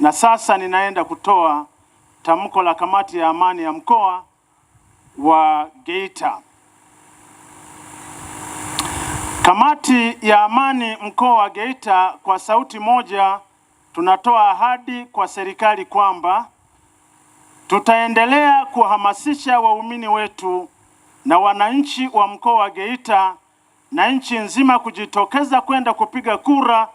Na sasa ninaenda kutoa tamko la kamati ya amani ya mkoa wa Geita. Kamati ya amani mkoa wa Geita, kwa sauti moja tunatoa ahadi kwa serikali kwamba tutaendelea kuhamasisha waumini wetu na wananchi wa mkoa wa Geita na nchi nzima kujitokeza kwenda kupiga kura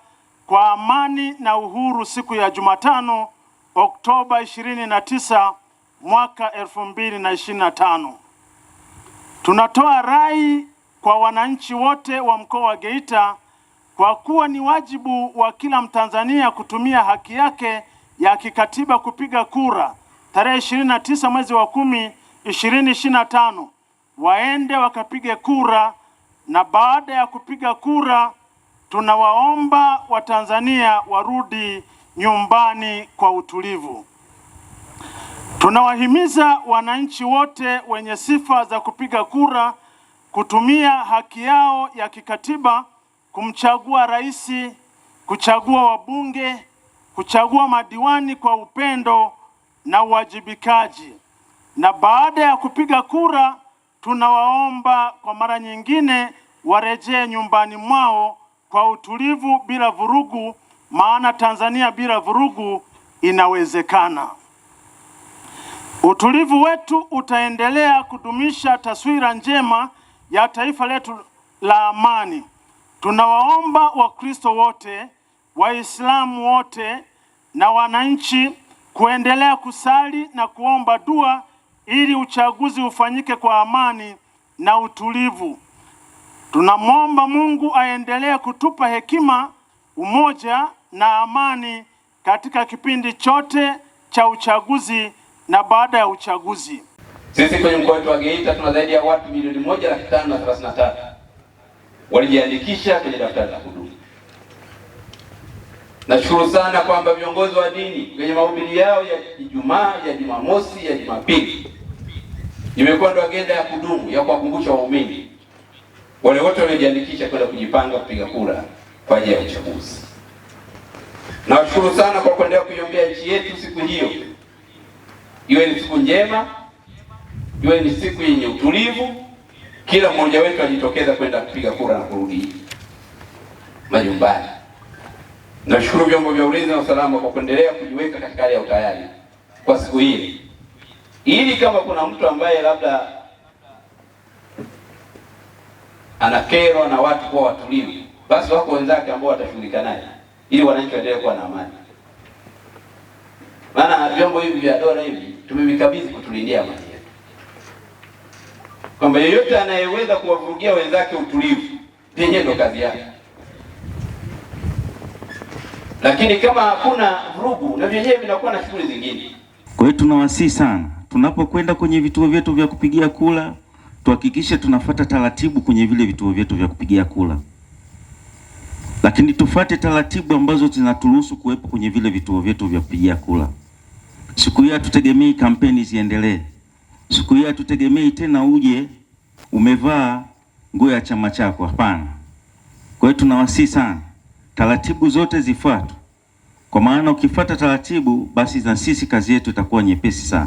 kwa amani na uhuru siku ya Jumatano Oktoba 29 mwaka 2025. Tunatoa rai kwa wananchi wote wa mkoa wa Geita kwa kuwa ni wajibu wa kila Mtanzania kutumia haki yake ya kikatiba kupiga kura tarehe 29 mwezi wa 10 2025, waende wakapige kura na baada ya kupiga kura tunawaomba Watanzania warudi nyumbani kwa utulivu. Tunawahimiza wananchi wote wenye sifa za kupiga kura kutumia haki yao ya kikatiba kumchagua rais, kuchagua wabunge, kuchagua madiwani kwa upendo na uwajibikaji. Na baada ya kupiga kura, tunawaomba kwa mara nyingine warejee nyumbani mwao kwa utulivu bila vurugu, maana Tanzania bila vurugu inawezekana. Utulivu wetu utaendelea kudumisha taswira njema ya taifa letu la amani. Tunawaomba Wakristo wote, Waislamu wote na wananchi kuendelea kusali na kuomba dua ili uchaguzi ufanyike kwa amani na utulivu. Tunamwomba Mungu aendelee kutupa hekima, umoja na amani katika kipindi chote cha uchaguzi na baada ya uchaguzi. Sisi kwenye mkoa wetu wa Geita tuna zaidi ya watu milioni moja laki tano na thelathini na tatu walijiandikisha kwenye daftari la kudumu. Nashukuru sana kwamba viongozi wa dini kwenye mahubiri yao ya Ijumaa, ya Jumamosi, ya Jumapili imekuwa ndo agenda ya kudumu ya kuwakumbusha waumini wale wote waliojiandikisha kwenda kujipanga kupiga kura kwa ajili ya uchaguzi. Nawashukuru sana kwa kuendelea kuiombea nchi yetu. Siku hiyo iwe ni siku njema, iwe ni siku yenye utulivu, kila mmoja wetu ajitokeza kwenda kupiga kura na kurudi majumbani. Nashukuru vyombo vya ulinzi na usalama kwa kuendelea kujiweka katika hali ya utayari kwa siku hii, ili kama kuna mtu ambaye labda anakerwa na watu kuwa watulivu, basi wako wenzake ambao watashughulika naye ili wananchi waendelee kuwa na amani. Maana vyombo hivi vya dola hivi tumevikabidhi kutulindia amani yetu, kwamba yeyote anayeweza kuwavurugia wenzake utulivu, yenyewe ndo kazi yake. Lakini kama hakuna vurugu, na vyenyewe vinakuwa na shughuli zingine. Kwa hiyo tunawasihi sana, tunapokwenda kwenye vituo vyetu vya kupigia kula tuhakikishe tunafata taratibu kwenye vile vituo vyetu vya kupigia kura, lakini tufate taratibu ambazo zinaturuhusu kuwepo kwenye vile vituo vyetu vya kupigia kura. Siku hiyo hatutegemei kampeni ziendelee, siku hiyo hatutegemei tena uje umevaa nguo ya chama chako, hapana. Kwa hiyo tunawasihi sana taratibu zote zifuatwe, kwa maana ukifuata taratibu basi na sisi kazi yetu itakuwa nyepesi sana.